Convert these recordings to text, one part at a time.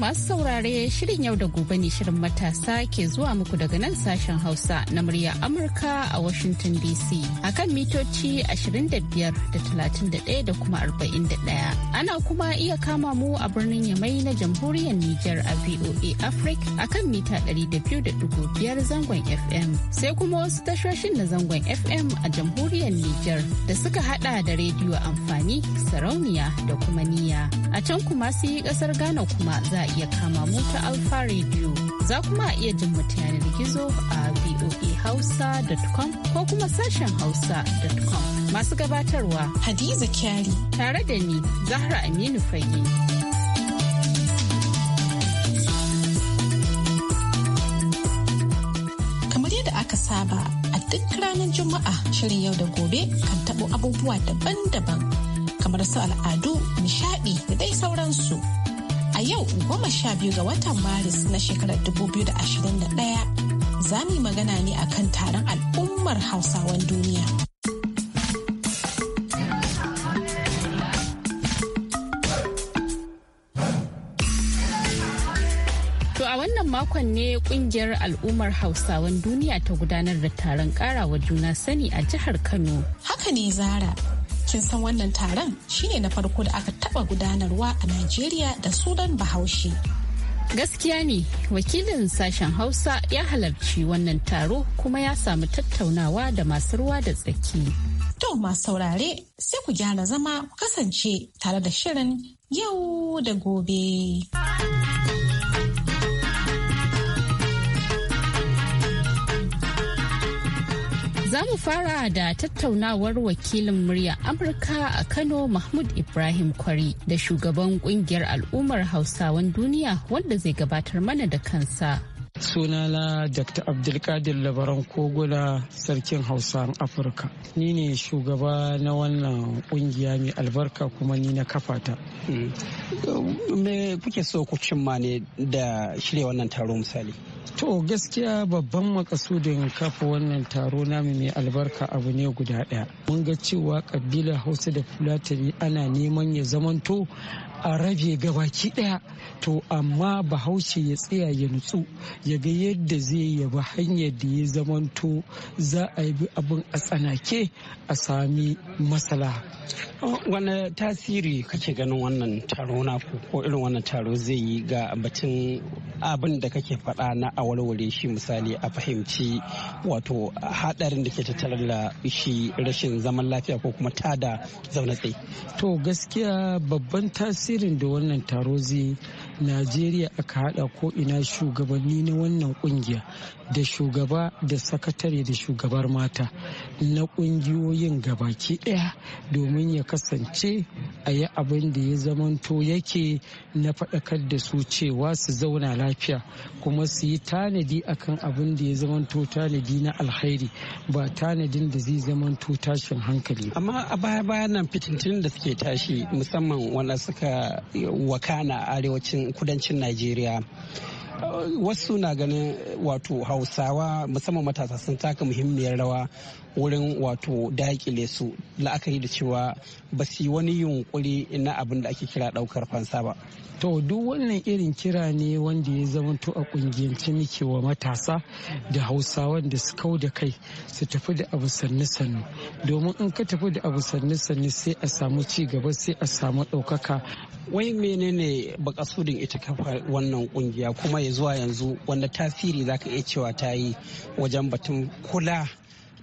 masu saurare shirin yau da gobe ne shirin matasa ke zuwa muku daga nan sashen Hausa na murya Amurka a Washington DC akan mitoci 25 da 31 da kuma 41. Ana kuma iya kama mu a birnin Yamai na jamhuriyar Nijar a VOA Africa akan mita 200.5 zangon FM. Sai kuma wasu tashoshin na zangon FM a jamhuriyar Nijar da suka hada da rediyo amfani, sarauniya da kuma niya. A can kuma su yi kasar Ghana kuma za iya kama mu ta Alfa Radio. Za kuma a iya jin mata yanar gizo a voahausa.com ko kuma sashen hausa.com. Masu gabatarwa Hadiza Kyari tare da ni Zahra Aminu Fage. Kamar yadda aka saba a duk ranar Juma'a shirin yau da gobe kan taɓo abubuwa daban-daban kamar su al'adu, nishaɗi da dai sauransu. a yau goma sha biyu ga watan maris na shekarar 2021 za mu yi magana ne a kan taron al'ummar hausawan duniya To a wannan makon ne kungiyar al'ummar hausawan duniya ta gudanar da taron karawa juna sani a jihar kano haka ne zara kin san wannan taron shine na farko da aka taba gudanarwa a Najeriya da sunan Bahaushe. Gaskiya ne wakilin sashen Hausa ya halarci wannan taro kuma ya samu tattaunawa da masu ruwa da tsaki. To masu saurare sai ku gyara zama ku kasance tare da shirin yau da gobe. Za mu fara da tattaunawar wakilin murya Amurka a Kano Mahmud Ibrahim Kwari da shugaban kungiyar al'ummar Hausawan duniya wanda zai gabatar mana da kansa. sunana dr abdulkadir labaran koguna sarkin hausan afirka ni ne shugaba na wannan kungiya mai albarka kuma ni na kafata mm. me kuke so ku cimma ne da shirya wannan taro misali to gaskiya babban makasudin kafa wannan taro namu mai albarka abu ne guda daya mun ga cewa kabila hausa da fulatani ana neman ya zamanto a rage gabaki daya to amma bahaushe ya tsaya ya nutsu ya ga yadda zai yaba hanyar da ya zamanto za a yi abin a tsanake a sami masala wani tasiri kake ganin wannan taro na ko irin wannan taro zai yi ga batun abin da kake faɗa na a warware shi misali a fahimci wato hadarin da ke tattare da shi rashin zaman lafiya ko kuma tada zaune tsaye to gaskiya babban tasiri tasirin da wannan taro zai najeriya aka hada ko ina shugabanni na wannan kungiya da shugaba da sakatare da shugabar mata na kungiyoyin gabaki daya domin ya kasance a yi abin da ya zamanto yake na faɗakar da su cewa su zauna lafiya kuma su yi tanadi akan abin da ya zamanto tanadi na alhairi ba tanadin da zai zamanto tashin hankali amma a baya bayan nan fitintun da suke tashi musamman wanda suka wakana arewacin kudancin najeriya wasu na ganin wato hausawa musamman matasa sun taka muhimmiyar rawa wurin wato dakile su la'akari da cewa ba su yi wani yunkuri na abin da ake kira daukar fansa ba to duk wannan irin kira ne wanda ya zama to a kungiyance muke wa matasa da hausawa da su kau da kai su tafi da abu sannu sannu domin in ka tafi da abu sannu sannu sai a samu ci gaba sai a samu ɗaukaka wai menene baka sudin ita kafa wannan kungiya kuma ya zuwa yanzu wanda tasiri zaka iya cewa ta yi wajen batun kula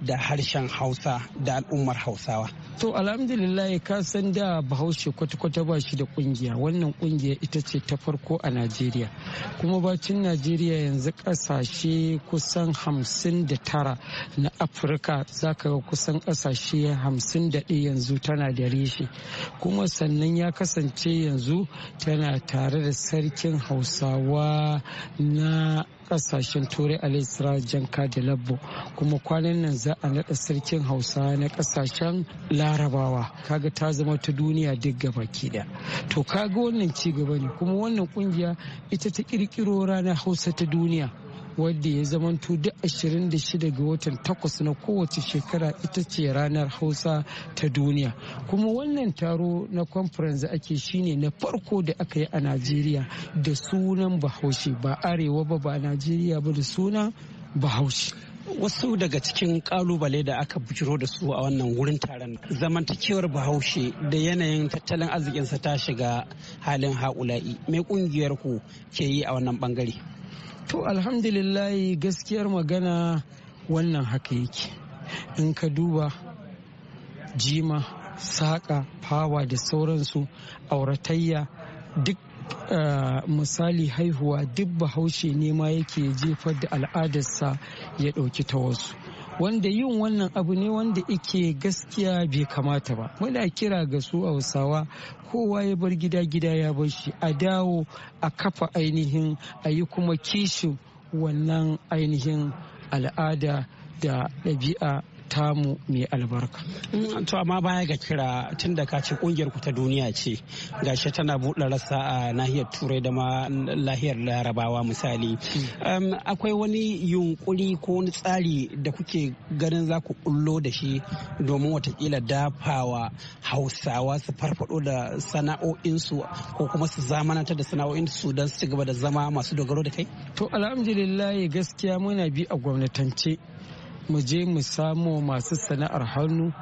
da harshen hausa da al'ummar hausawa to alhamdulillah ka san da bahaushe kwata-kwata ba shi da kungiya wannan kungiya ita ce ta farko a najeriya kuma bacin najeriya yanzu kasashe kusan hamsin da tara na afirka za ka ga kusan kasashe hamsin da ɗaya yanzu tana da reshe kuma sannan ya kasance yanzu tana tare da sarkin hausawa na kasashen turai laisira janka da labbo kuma kwanan nan za a naɗa sarkin hausa na kasashen larabawa kaga ta zama ta duniya duk gaba da to kaga wannan ci gaba ne kuma wannan kungiya ita ta kirkiro ranar hausa ta duniya wadda ya zamanto duk 26 ga watan takwas na kowace shekara ita ce ranar hausa ta duniya kuma wannan taro na conference ake shine na farko da aka yi a najeriya da sunan bahaushe ba arewa ba ba najeriya ba da suna bahaushe wasu daga cikin kalubale da aka bujiro da su a wannan wurin taron zamantakewar bahaushe da yanayin tattalin arzikinsa ta shiga halin haƙula'i mai kungiyar ku ke yi a wannan bangare To alhamdulillahi gaskiyar magana wannan haka yake. In ka duba jima, saƙa, fawa da sauransu, auratayya duk eh, misali haihuwa duk bahaushe ne ma yake jefar da al'adarsa ya ɗauki ta wasu. wanda yin wannan abu ne wanda ike gaskiya bai kamata ba muna kira ga su hausawa kowa ya bar gida gida ya bar shi a dawo a kafa ainihin a yi kuma kishin wannan ainihin al'ada da ɗabi'a tamu mai albarka. To amma baya ga kira tun da ka ce kungiyar ku ta duniya ce gashi tana buɗe rasa a nahiyar turai da ma lahiyar larabawa misali. Akwai wani yunkuri ko wani tsari da kuke ganin za ku kullo da shi domin watakila dafawa hausawa su farfado da sana'o'insu ko kuma su zamanata da sana'o'insu don su gaba da zama masu dogaro da kai? To alhamdulillah gaskiya muna bi a gwamnatance mu je mu samu masu sana'ar hannu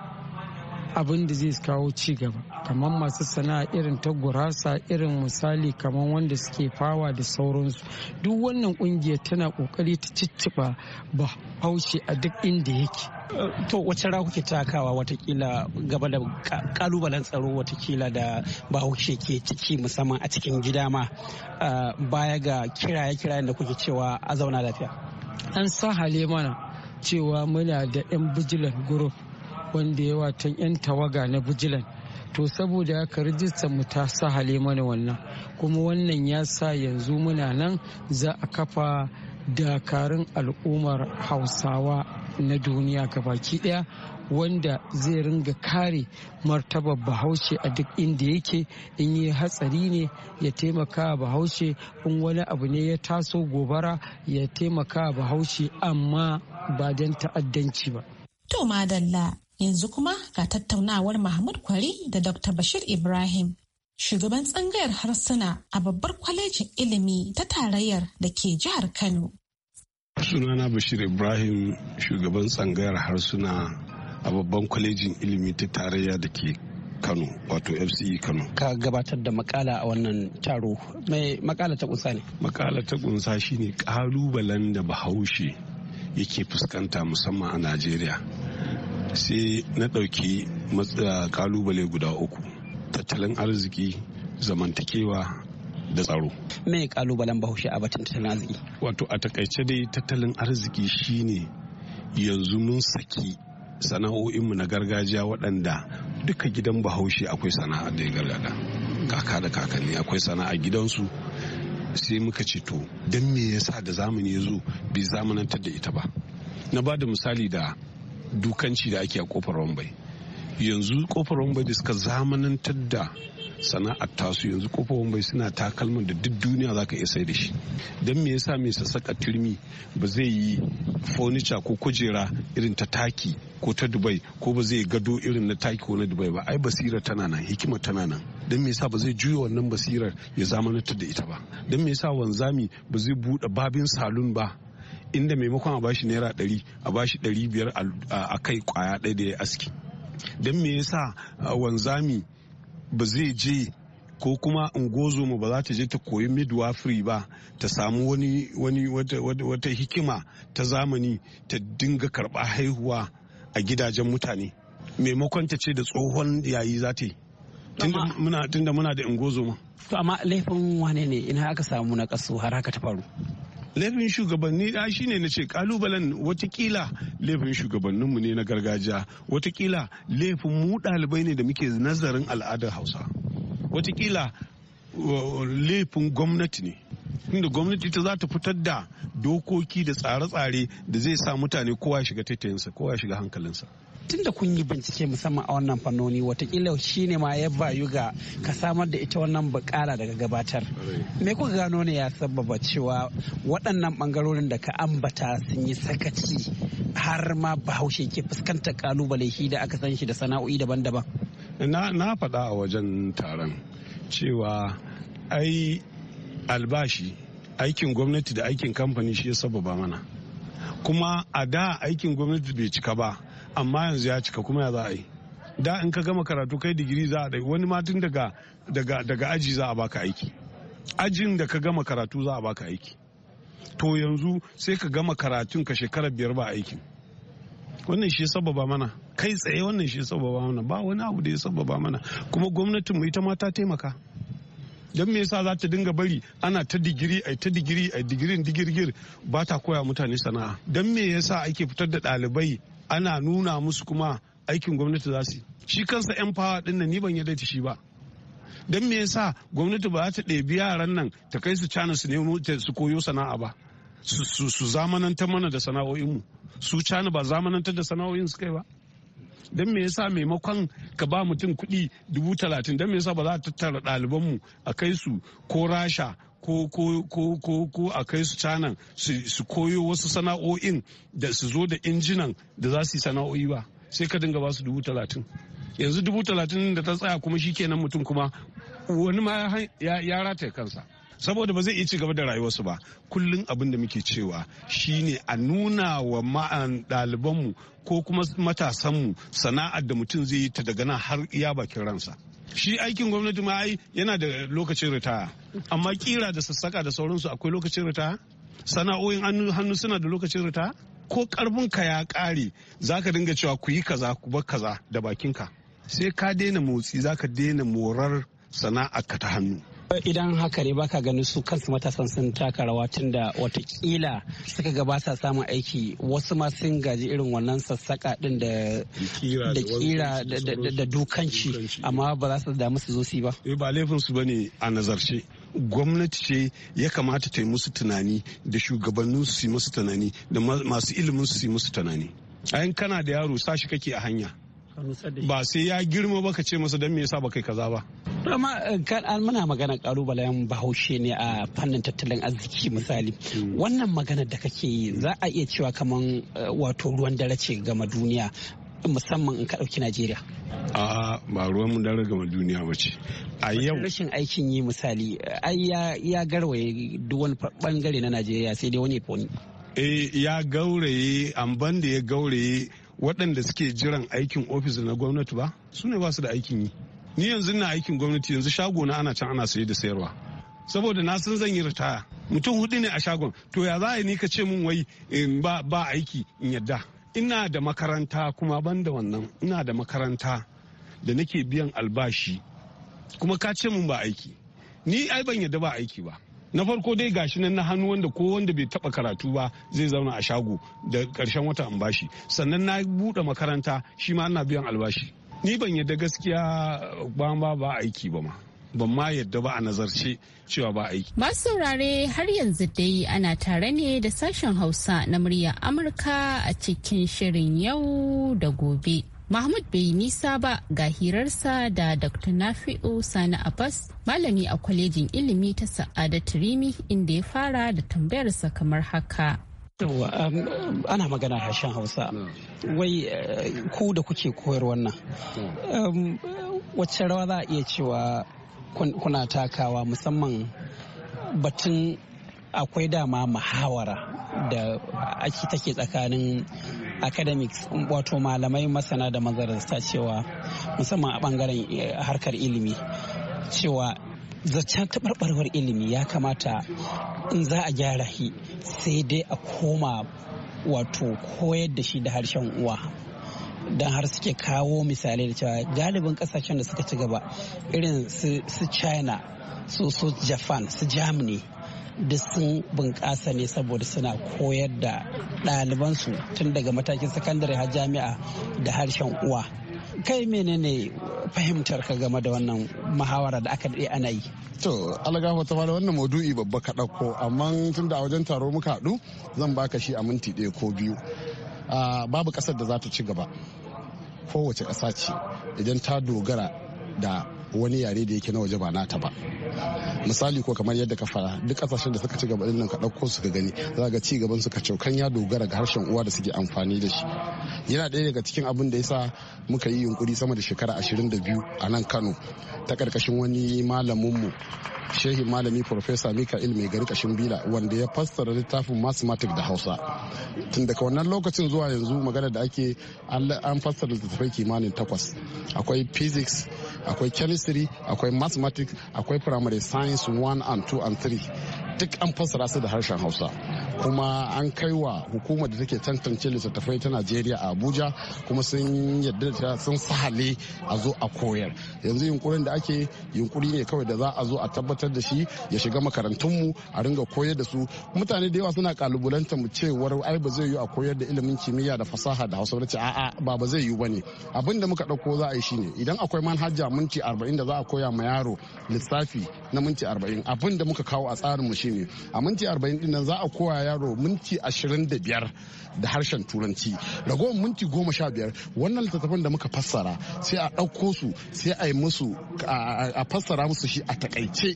abin da zai kawo ci gaba kamar masu sana'a irin ta gurasa irin misali kamar wanda suke fawa da sauransu duk wannan kungiyar tana kokari ta cicciba ba haushe a duk inda yake to wacce ra kuke takawa watakila gaba da kalubalen tsaro watakila da bahaushe ke ciki musamman a cikin gida ma ah, baya ga kiraye-kirayen da kuke cewa a zauna lafiya an sahale mana cewa muna da 'yan bijilan guruf wanda ya watan 'yan tawaga na bijilan to saboda haka rijistar mu ta sahale mana wannan kuma wannan ya sa yanzu muna nan za a kafa dakarun al'ummar hausawa na duniya baki daya wanda zai ringa kare martabar bahaushe a duk inda yake in yi hatsari ne ya taimaka bahaushe in wani abu ne ya taso gobara ya taimaka bahaushe amma ba don ta'addanci ba. To madalla yanzu kuma ga tattaunawar Mahmud Kwari da Dr. Bashir Ibrahim. Shugaban tsangayar harsuna a babbar kwalejin ilimi ta tarayyar da ke jihar Kano. Sunana Bashir Ibrahim shugaban tsangayar harsuna a babban kwalejin ilimi ta tarayya da ke Kano wato FCE Kano. Ka gabatar da makala a wannan taro. Mai makala ta kunsa ne? Makala ta kunsa shine kalubalen da Bahaushe yake fuskanta musamman a najeriya sai na ɗauki kalubale guda uku tattalin arziki zamantakewa da tsaro me kalubalen bahaushe a batun tattalin arziki wato a takaice dai tattalin arziki shine yanzu mun saki sana'o'inmu na gargajiya waɗanda duka gidan bahaushe akwai sana'a da ya gargada kaka da kakanni akwai sana'a gidansu sai muka ce to don me yasa da zamani ya zo bai zamanantar da ita ba na ba da misali da dukanci da ake a kofar wambai yanzu kofar wambai da suka zamanantar da sana'ar tasu yanzu kofofin bai suna takalman da duk duniya za ka iya sai da shi don me yasa mai sassaka turmi ba zai yi furniture ko kujera irin ta taki ko ta dubai ko ba zai gado irin na taki ko na dubai ba ai basira tana nan hikima tana nan don me yasa ba zai juya wannan basirar ya zamanantar da ita ba don me yasa wanzami ba zai buɗe babin salon ba inda maimakon a bashi naira ɗari a bashi ɗari biyar a kai kwaya ɗaya da ya aski don me yasa wanzami ba zai je ko kuma ungozoma ba za ta je ta koyi midwifery ba ta samu wani wani wata, hikima ta zamani ta dinga karba haihuwa a gidajen mutane maimakon ta ce da tsohon yayi za ta yi tunda muna da ungozoma to amma laifin wane ne ina aka samu na kaso har haka ta faru laifin shugabanni da shi ne na ce kalubalen watakila laifin shugabanninmu ne na gargajiya watakila laifin mu ɗalibai ne da muke nazarin al'adar hausa watakila laifin gwamnati ne inda gwamnati ta za ta fitar da dokoki da tsare-tsare da zai sa mutane kowa shiga taitayinsa kowa shiga hankalinsa tun da kun yi bincike musamman a wannan fannoni watakila shi ne ma ya bayu ga ka samar da ita wannan bukala daga gabatar me kuka gano ne ya sababa cewa waɗannan bangarorin da ka ambata sun yi sakaci har ma bahaushe ke fuskantar kalubale shi da aka san shi da sana'o'i daban-daban na faɗa a wajen taron cewa ai albashi aikin gwamnati da aikin kamfani shi ya sababa mana kuma a da aikin gwamnati bai cika ba amma yanzu ya cika kuma ya za a yi da in ka gama karatu kai digiri za a wani ma daga daga daga aji za a baka aiki ajin da ka gama karatu za a baka aiki to yanzu sai ka gama karatun ka shekara biyar ba aikin wannan shi sababa mana kai tsaye wannan shi sababa mana ba wani abu da ya sababa mana kuma gwamnatin mu ita ma ta taimaka don me yasa za ta dinga bari ana ta digiri ai ta digiri ai digirin digirgir ba ta koya mutane sana'a don me yasa ake fitar da ɗalibai ana nuna musu kuma aikin gwamnati za su shi kansa yan fawa din nan ni ban yadda ta shi ba don me yasa gwamnati ba za ta ɗebi yaran nan ta kai su cana su nemo su koyo sana'a ba su zamanantar mana da sana'o'inmu su cana ba zamanantar da sana'o'in su kai ba don me yasa maimakon ka ba mutum kuɗi dubu talatin don me yasa ba za a tattara ɗalibanmu a kai su ko rasha ko ko ko ko ko a kai su canan su koyo wasu sana'o'in da su zo da injinan da za su yi sana'o'i ba sai ka dinga ba su dubu talatin yanzu dubu talatin da ta tsaya kuma shi kenan mutum kuma wani ma ya rataye kansa saboda ba zai iya ci gaba da rayuwarsu ba kullum abin da muke cewa shine a nuna wa ma'an mu ko kuma mu sana'ar da mutum zai yi ta daga nan har iya bakin ransa shi aikin gwamnati ma ai yana da lokacin ritaya amma kira da sassaka da sauransu akwai lokacin ritaya sana'o'in hannu suna da lokacin ritaya ko karfin ka ya kare zaka dinga cewa ku yi kaza ku bar kaza da bakinka sai ka daina motsi zaka daina morar ka ta hannu idan haka ne baka ganin su kansu matasan sun taka rawa tun da watakila suka gabata samun aiki wasu ma sun gaji irin wannan sassaka din da kira da dukanci amma ba za su damu su zo su ba eh, ba laifin su bane a nazarce gwamnati ce ya kamata ta yi musu tunani da shugabannin su yi musu tunani da masu ilimin su yi musu tunani ayan kana da yaro sashi kake a hanya ba sai ya girma ba ka ce masa don me yasa ba kai kaza ba Rama eh, muna magana kalubalen bahaushe ne a fannin tattalin arziki misali hmm. wannan magana da kake yi za a iya cewa kamar eh, wato ruwan dare ce gama duniya musamman in ka ɗauki Najeriya. A ba ruwan mu dare gama duniya ba ce. A yau. Rashin aikin yi misali eh, ai ya garwaye duk wani bangare na Najeriya sai dai wani Eh ya gauraye amban da ya gauraye waɗanda suke jiran aikin ofis na gwamnati ba su ne ba su da aikin yi ni yanzu na aikin gwamnati yanzu shago na ana can ana saye da sayarwa saboda na san zan yi ritaya mutum hudu ne a shagon to ya za a ni ka ce min wai eh, ba ba aiki in yadda ina da makaranta kuma ban da wannan ina da makaranta da nake biyan albashi kuma ka ce min ba aiki ni ai ban yadda ba aiki ba na farko dai gashi nan na hannu wanda ko wanda bai taba karatu ba zai zauna a shago da karshen wata an bashi sannan na bude makaranta shi ma ana biyan albashi ni ban yadda gaskiya ba ma ba aiki ba ma ban ma yadda ba a nazarce cewa ba aiki. Masu saurare har yanzu dai ana tare ne da sashen Hausa na muryar Amurka a cikin shirin yau da gobe. Mahmud bai nisa ba ga hirarsa da Dr. Nafi'u Sani Abbas, malami a kwalejin ilimi ta Sa'adatu Rimi inda ya fara da tambayarsa kamar haka. Um, ana magana harshen Hausa. Wai uh, ku da kuke koyar wannan. Um, wacce rawa za a iya cewa kuna takawa musamman batun akwai dama muhawara da ake take tsakanin academics wato malamai masana da manzararsa cewa musamman a bangaren eh, harkar ilimi cewa zaccen taɓarɓarwar ilimi ya kamata in za a gyara shi sai dai a koma wato koyar da shi da harshen uwa don har suke kawo misalai da cewa galibin kasashen da suka ci gaba irin su china su su japan su germany duk sun bunƙasa ne saboda suna koyar da ɗalibansu tun daga matakin sakandare har jami'a da harshen uwa kai menene fahimtar ka game da wannan muhawara da aka daɗe ana yi to alagafa ta fara wannan maudu'i babba ka ɗauko amma tun da a wajen taro muka haɗu zan baka shi a minti ɗaya ko biyu ah, babu ƙasar da za ta ci gaba kowace ƙasa ce idan ta dogara da wani yare da yake na waje ba nata ba misali ko kamar yadda ka fara duk kasashen da suka ci gaba din nan ka ɗauko su ka gani za ga ci gaban su ka caukan ya dogara ga harshen uwa da suke amfani da shi yana ɗaya daga cikin abin da yasa muka yi yunkuri sama da shekara 22 a nan Kano ta karkashin wani malaminmu shehi malami profesa mika'il mai gari kashin bila wanda ya fassara littafin mathematics da hausa tun daga wannan lokacin zuwa yanzu magana da ake an fassara littattafai kimanin takwas akwai physics akwai chemistry akwai mathematics akwai primary science 1 and 2 and 3 duk an fassara su da harshen hausa kuma an kaiwa hukumar da take tantance littattafai ta najeriya a abuja kuma sun yadda ta sun sahale a zo a koyar yanzu yunkurin da ake yunkuri ne kawai da za a zo a tabbatar da shi ya shiga makarantun mu a ringa koyar da su mutane da yawa suna kalubalanta mu cewar ai ba zai yi a koyar da ilimin kimiyya da fasaha da hausa ce a'a ba ba zai yi ne abin da muka ɗauko za a yi shine idan akwai manhaja minti 40 da za a koya ma yaro lissafi na minti 40 abin da muka kawo a tsarin mu ne a minti 40 din za a koya yaro minti 25 da harshen turanci ragowar minti 15 wannan littattafan da muka fassara sai a ɗauko su sai a yi musu a fassara musu shi a takaice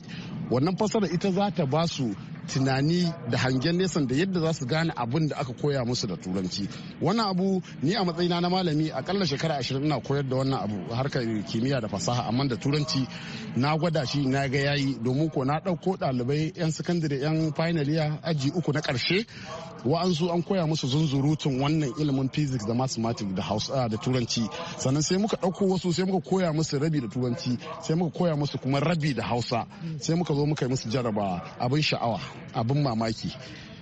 wannan fassara ita za ta ba su tunani da hangen nesa da yadda za su gane abin da aka koya musu da turanci wannan abu ni a matsayina na malami akalla shekara ashirin na koyar da wannan abu harkar kimiyya da fasaha amma da turanci na gwada shi na ga yayi domin ko na ɗauko ɗalibai 'yan sakandare 'yan finaliya aji uku na ƙarshe wa'ansu an koya musu zunzurutun wannan ilimin physics da mathematics da hausa da turanci sannan sai muka ɗauko wasu sai muka koya musu rabi da turanci sai muka koya musu kuma rabi da hausa sai muka zo muka yi musu jarabawa abin sha'awa abin mamaki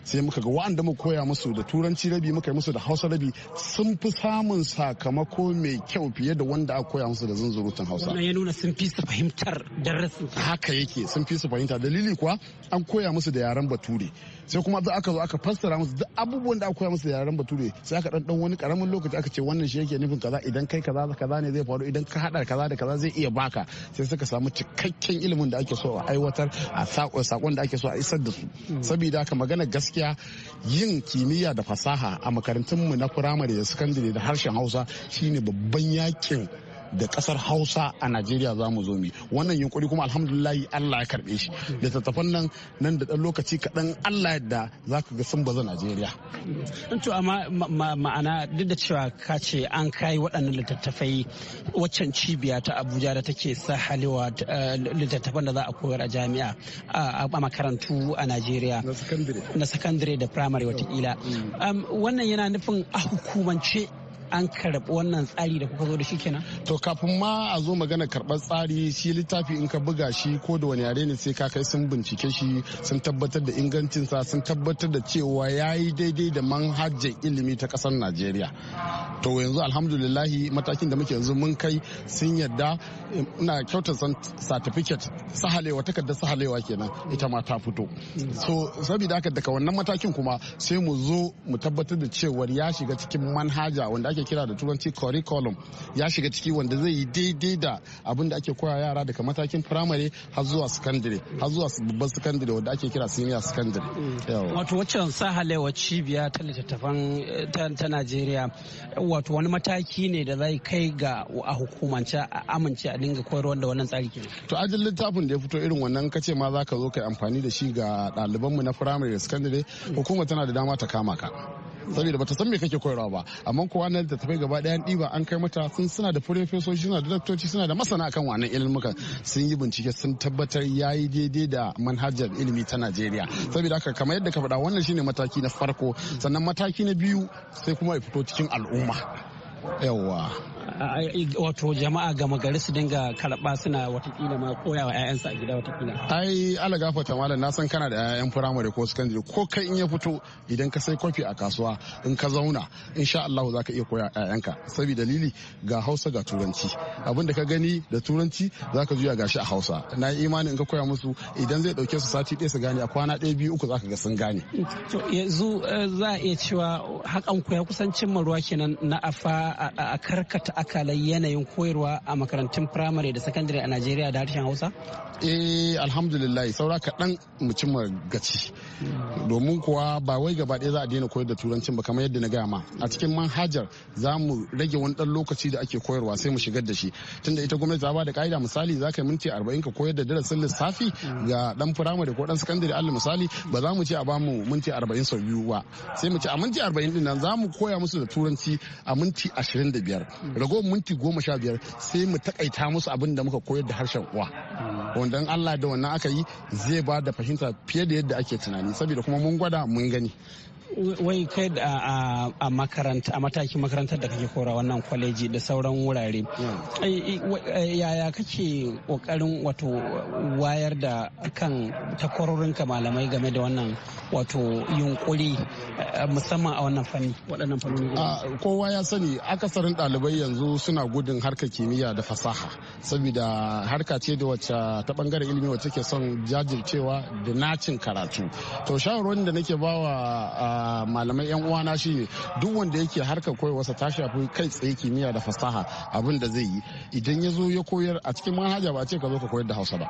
sai muka ga wa'anda mu koya musu da turanci rabi muka yi musu da hausa rabi sun fi samun sakamako mai kyau fiye da wanda aka koya musu da zunzurutun hausa wannan ya nuna sun fi su fahimtar darasin haka yake sun fi su fahimta dalili kuwa an koya musu da yaren bature sai kuma za aka zo aka fassara musu duk abubuwan da aka koya musu da yaren bature sai aka dan dan wani karamin lokaci aka ce wannan shi yake nufin kaza idan kai kaza kaza ne zai faru idan ka hada kaza da kaza zai iya baka sai suka samu cikakken ilimin da ake so a aiwatar a sakon da ake so a isar da su mm. saboda haka magana gaskiya yin kimiyya da fasaha a makarantun mu na firamare da sakandare da harshen Hausa shine babban yakin da kasar hausa a najeriya za mu zo mu wannan yunkuri kuma alhamdulillahi allah ya karbe shi littattafan nan nan da dan lokaci kaɗan allah yadda za ka ga sun baza najeriya to amma ma'ana duk da cewa ka ce an kai waɗannan littattafai waccan cibiya ta abuja da take halewa eh, littattafan da za a koyar a jami'a a makarantu a najeriya na sakandare da firamare watakila mm. wannan yana nufin a hukumance an karɓi wannan tsari da kuka zo da shi kenan to kafin ma a zo magana karɓar tsari shi littafi in ka buga shi ko da wani yare ne sai ka kai sun bincike shi sun tabbatar da ingancinsa sun tabbatar da cewa yayi daidai da manhajar ilimi ta kasar najeriya to yanzu alhamdulillah matakin da muke yanzu mun kai sun yadda ina kyautar certificate sahalewa takardar sahalewa kenan ita ma ta fito so saboda haka daga wannan matakin kuma sai mu zo mu tabbatar da cewa ya shiga cikin manhaja wanda ake kira da turanci curriculum ya shiga ciki wanda zai yi daidai da abin da ake koya yara daga matakin firamare har zuwa sakandare har zuwa babban sakandare wanda ake kira senior sakandare. wato sa halewa cibiya ta littattafan ta najeriya wato wani mataki ne da zai kai ga a hukumance a amince a dinga koyarwa da wannan tsari ke to ajin littafin da ya fito irin wannan kace ma za ka zo ka amfani da shi ga ɗalibanmu na firamare da sakandare hukuma tana da dama ta kama ka saboda bata san me kake koyarwa ba amma ko wannan da tafi gaba ɗayan ɗiba an kai mata sun suna da profesoci suna da daktoci suna da masana akan wannan ilimukan sun yi bincike sun tabbatar yayi daidai da manhajar ilimi ta Najeriya saboda haka kamar yadda ka faɗa wannan shine mataki na farko sannan mataki na biyu sai kuma ya fito cikin al'umma yawwa wato jama'a gama gari su dinga karɓa suna watakila ma koya wa 'ya'yansu a gida watakila. ai ala gafata malam na san kana da 'ya'yan firamare ko sakandare ko kai in ya fito idan ka sai kofi a kasuwa in ka zauna in sha Allah za ka iya koya 'ya'yanka sabi dalili ga hausa ga turanci abin da ka gani da turanci za ka juya gashi a hausa na yi imani in ka koya musu idan zai ɗauke su sati ɗaya su gane a kwana ɗaya biyu uku za ka ga sun gane. to yanzu eh, za a iya cewa hakan koya kusancin kusan cimma ruwa kenan na afa a karkata akalai yanayin koyarwa a makarantun firamare da sakandare a najeriya da harshen hausa eh alhamdulillah saura kaɗan mu cimma gaci domin kuwa ba wai gaba ɗaya za a daina koyar da turancin ba kamar yadda na gaya ma a cikin manhajar za mu rage wani ɗan lokaci da ake koyarwa sai mu shigar da shi tunda ita gwamnati ta ba da ka'ida misali za ka minti arba'in ka koyar da darasin lissafi ga ɗan firamare ko ɗan sakandare alli misali ba za mu ce a ba mu minti arba'in sau biyu ba sai mu ce a minti arba'in ɗin nan za mu koya musu da turanci a minti ashirin da biyar goma minti goma sha biyar sai mu takaita musu abin da muka koyar da harshen uwa wanda Allah da wannan aka yi zai ba da fahimta fiye da yadda ake tunani saboda kuma mun gwada mun gani wai kai a a matakin makarantar da kake kora wannan kwaleji da sauran wurare eh, yaya kake kokarin wato wayar da kan takwarorinka malamai game da wannan wato yunkuri eh, musamman a wannan fanni waɗannan ah, kowa ya sani akasarin ɗalibai yanzu suna gudun harka kimiyya da fasaha saboda harka ce da wacce ta bangaren ilimi wacce ke son jajircewa da nacin karatu to shawarwarin da nake bawa ah, malamai yan uwana shine duk wanda yake harkar wasa ta shafi kai tsaye kimiyya da fasaha abin da zai yi idan ya zo ya koyar a cikin manhaja ba ce ka zo ka koyar da hausa ba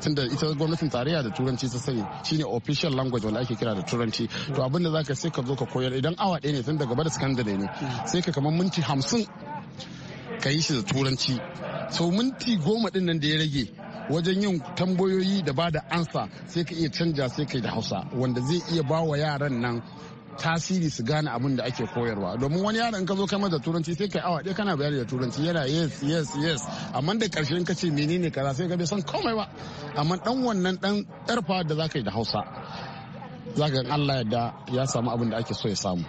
tunda ita gwamnatin tarayya da turanci ta sani shine official language wanda ake kira da turanci to abin da zaka sai ka zo ka koyar idan awa ɗaya ne tun da gaba sakandare ne sai ka kamar minti hamsin ka yi shi da turanci sau minti goma din nan da ya rage wajen yin tambayoyi da ba da ansa sai ka iya canja sai ka da hausa wanda zai iya ba wa yaran nan tasiri su gane abin da ake koyarwa domin wani yaran ka zo kai da turanci sai kai awa ɗaya kana bayar da turanci yana yes yes yes amma da karshe in ka ce menene kaza sai ka bai san komai ba amma dan wannan dan yarfa da za ka yi da Hausa zaka Allah yadda ya samu abin da ake so ya samu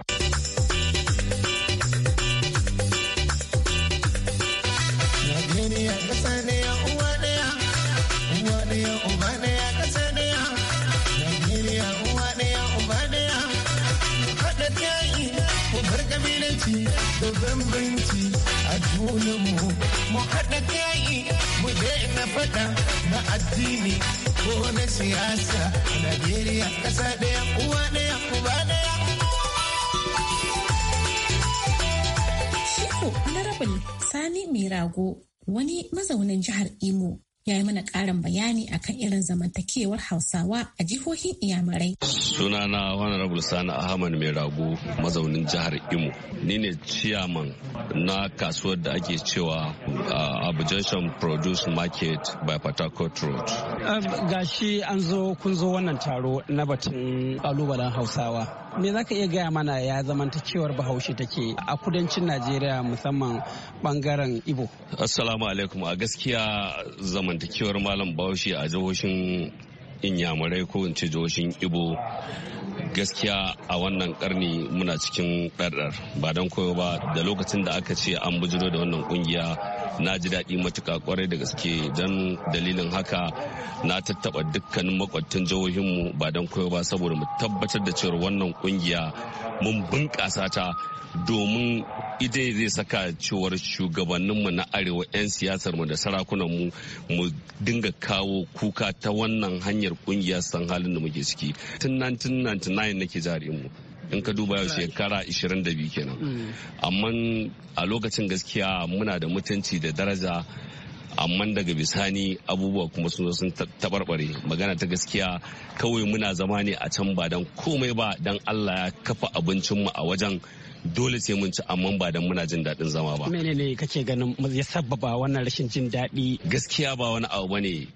da bambanci a junanmu mu haɗa kayi mu daina faɗa na addini ko na siyasa Najeriya ƙasa ɗaya uwa ɗaya uba ɗaya. Shiko Honorable Sani Mirago wani mazaunin jihar Imo ya yi mana ƙarin bayani akan irin zamantakewar hausawa a jihohin iyamurai. sunana honorable sani ahmad mai rago mazaunin jihar imo ni ne ciyaman na kasuwar da ake cewa uh, Abujashan Produce Market by Patakot Road. Gashi an zo kun zo wannan taro na batun kalubalen Hausawa. Me za ka iya gaya mana ya zamantakewar Bahaushe take a kudancin Najeriya musamman bangaren Ibo? Assalamu alaikum a gaskiya zamantakewar Malam Bahaushe a jihohin inyamurai ko in ce jihohin Ibo gaskiya a wannan karni muna cikin ɗarɗar ba don koyo ba da lokacin da aka ce an bujiro da wannan kungiya na ji daɗi matuka kwarai da gaske don dalilin haka na tattaba dukkanin makwabtan jihohinmu ba don koyo ba saboda mu tabbatar da cewa wannan ƙungiya mun bunƙasa ta domin idai zai saka cewar shugabanninmu na arewa 'yan siyasarmu da sarakunan mu mu dinga kawo kuka ta wannan hanyar kungiya san halin da muke ciki tun 1999 nake mu. in ka duba yau shekara 22 kenan amma a lokacin gaskiya muna da mutunci da daraja amma daga bisani abubuwa kuma sun zo sun taɓarɓare magana ta gaskiya kawai muna zama ne a can ba don komai ba don allah ya kafa abincinmu a wajen dole sai mun ci amma ba dan muna jin daɗin zama ba. Mene ne kake ganin ya sababa wannan rashin jin daɗi? Gaskiya ba wani abu bane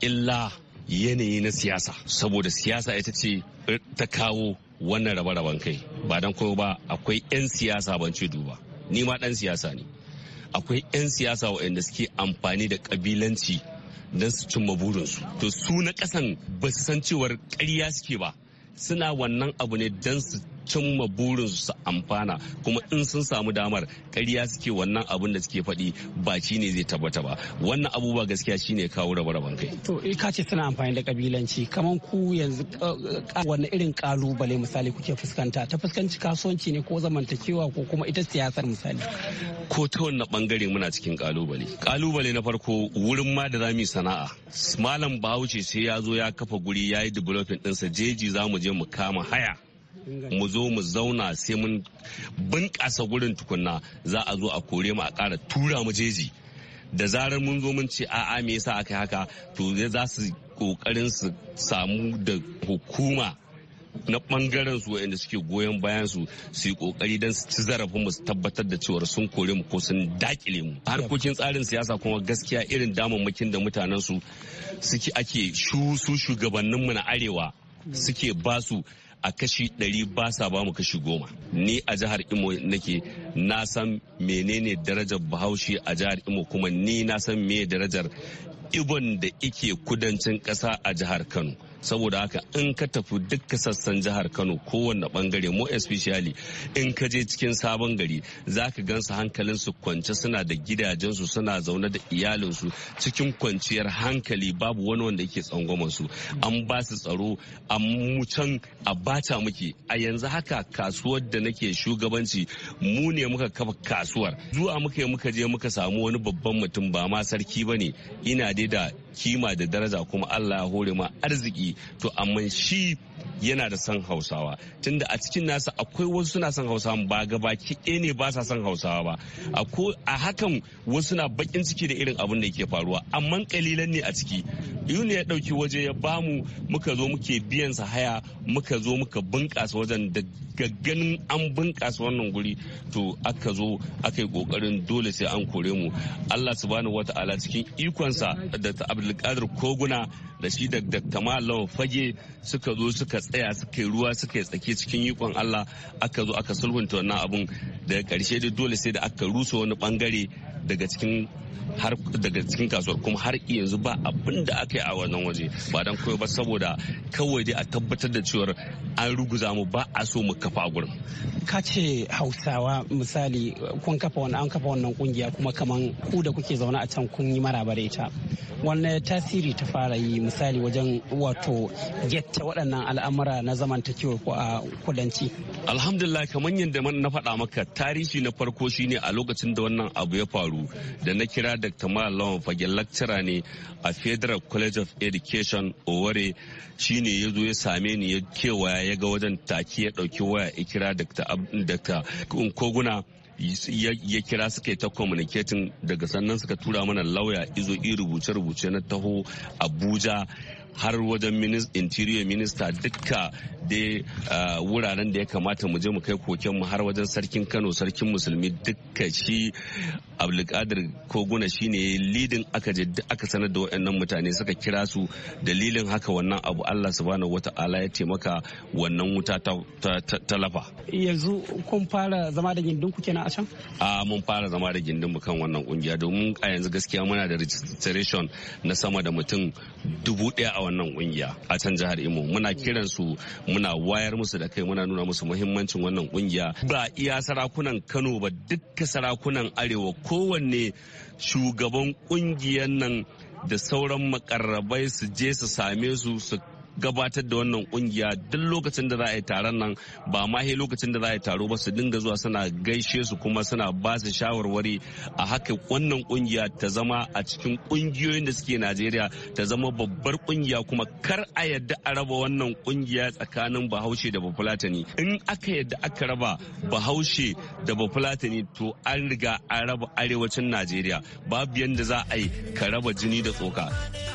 illa yanayi na siyasa saboda siyasa ita ce ta kawo wannan raba raben kai ba don koyo ba akwai 'yan siyasa ban ce duba ni ma dan siyasa ne akwai 'yan siyasa waɗanda suke amfani da kabilanci don su cimma burinsu to su na ƙasan ba su san cewar karya suke ba suna wannan abu ne don su cimma burinsu su amfana kuma in sun samu damar ƙarya suke wannan abin da suke faɗi ba shi ne zai tabbata ba wannan abubuwa gaskiya shi ne kawo rabe-raben kai. to eh, ka ce suna amfani da kabilanci kamar ku yanzu wani irin kalubale misali kuke fuskanta ta fuskanci kasuwanci ne ko zamantakewa ko kuma ita siyasar misali. ko ta wannan bangare muna cikin kalubale kalubale na farko wurin ma da zamu sana'a malam bahaushe sai ya zo ya kafa guri ya yi developing ɗinsa jeji za mu je mu kama haya mu zo mu zauna sai mun bunƙasa gurin tukunna za a zo a kore mu a ƙara tura mu jeji da zarar mun zo mun ce a'a me yasa aka haka to za su kokarin su samu da hukuma na bangaren su waɗanda suke goyon bayan su su yi kokari don su ci zarafin mu su tabbatar da cewar sun kore mu ko sun dakile mu harkokin tsarin siyasa kuma gaskiya irin damammakin da mutanen su suke ake shu su shugabannin na arewa suke basu a kashi ɗari ba sa ba mu kashi goma ni a jihar imo nake na san menene darajar bahaushe a jihar imo kuma ni na san me darajar ibon da ike kudancin ƙasa a jihar kano saboda haka in ka tafi dukkan sassan jihar kano kowanne bangare mo especially in ka je cikin sabon gari za ka gansu hankalinsu kwance suna da gidajensu suna zaune da iyalinsu cikin kwanciyar hankali babu wani wanda yake tsangwamar su an ba su tsaro a mucan a bata muke a yanzu haka kasuwar da nake shugabanci mu ne muka kafa kasuwar zuwa muka muka je muka samu wani babban mutum ba ma sarki ba ne ina dai da kima da daraja kuma allah ya hore ma arziki to amma shi yana da son hausawa tunda a cikin nasa akwai wasu suna son hausawa ba gaba ɗaya ne ba sa son hausawa ba a hakan wasu na bakin ciki da irin abin da ke faruwa amma kalilan ne a ciki yuni ya ɗauki waje ya bamu muka zo muke biyan sa haya muka zo muka bunkasa wajen da gagganin an bunƙasa wannan guri to aka zo aka yi ƙoƙarin dole sai an kore mu allah subhanahu wata'ala cikin ikonsa da abdulkadir koguna da shi da dr malam fage suka zo suka tsaya suka yi ruwa suka yi tsaki cikin yikon Allah aka zo aka sulhunta wannan abun daga karshe da dole sai da aka rusa wani bangare daga cikin har daga cikin kasuwar kuma har yanzu ba abin da aka yi a wannan waje ba dan koyo ba saboda kawai dai a tabbatar da cewar an ruguza mu ba a so mu kafa gurin ka ce hausawa misali kun kafa wannan an kafa wannan kungiya kuma kaman ku da kuke zaune a can kun yi maraba da ita wannan tasiri ta fara yi misali wajen wato getta waɗannan al'amura na zamantakewa ko a kudanci alhamdulillah kamar yadda na faɗa maka tarihi na farko shine a lokacin da wannan abu ya faru da na kira Dr. Malon Fage lecturer ne a Federal College of Education Owerri ne ya zo ya same ni ya kewaya ya ga wajen take ya ɗauki waya ya kira Dr. Koguna ya kira suka yi ta communicating daga sannan suka tura mana lauya izo i rubuce-rubuce na taho abuja har wajen interior minister dukka da wuraren da ya kamata mu je mu kai koken mu har wajen sarkin kano sarkin musulmi dukka shi abdulkadir koguna shine lidin aka aka sanar da waɗannan mutane suka kira su dalilin haka wannan abu allah subhanahu wata'ala ya taimaka wannan wuta ta lafa yanzu kun fara zama da gindin ku kenan a can a mun fara zama da gindin mu kan wannan kungiya domin a yanzu gaskiya muna da registration na sama da mutum dubu daya a wannan kungiya a can jihar imo muna kiran su muna wayar musu da kai muna nuna musu muhimmancin wannan kungiya ba iya sarakunan kano ba dukkan sarakunan arewa kowanne shugaban kungiyar nan da sauran makarrabai su je su same su su gabatar da wannan kungiya duk lokacin da za a yi taron nan ba ma he lokacin da za a yi taro ba su dinga zuwa suna gaishe su kuma suna ba su shawarwari a haka wannan kungiya ta zama a cikin kungiyoyin da suke Najeriya ta zama babbar kungiya kuma kar a yadda a raba wannan kungiya tsakanin Bahaushe da Bafulatani in aka yadda aka raba Bahaushe da Bafulatani to an riga an raba arewacin Najeriya babu yadda za a yi ka raba jini da tsoka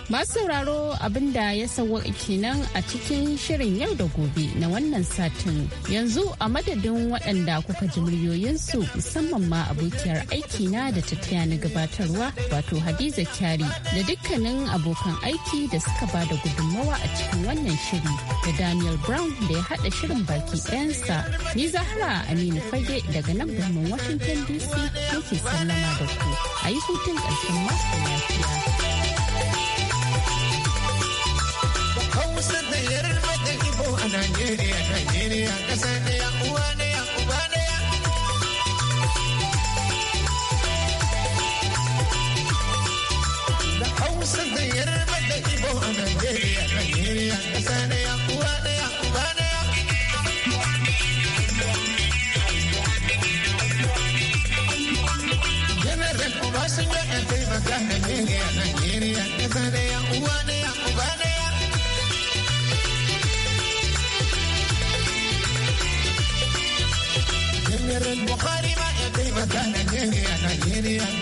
masu sauraro abinda ya sauwa kenan kenan a cikin shirin yau da gobe na wannan satin. Yanzu a madadin waɗanda kuka ji muryoyinsu musamman ma abokiyar na da ta na gabatarwa wato Hadiza Kyari da dukkanin abokan aiki da suka ba da gudunmawa a cikin wannan shiri da Daniel Brown da ya haɗa shirin baki ɗayansa. Ni Zahra Aminu Fage daga nan birnin Washington DC nake sallama da ku. A yi hutun ƙarshen mako lafiya. Hausa da Yarba da Ibo a Najeriya, Najeriya ƙasa ɗaya uwa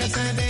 I'm Saturday.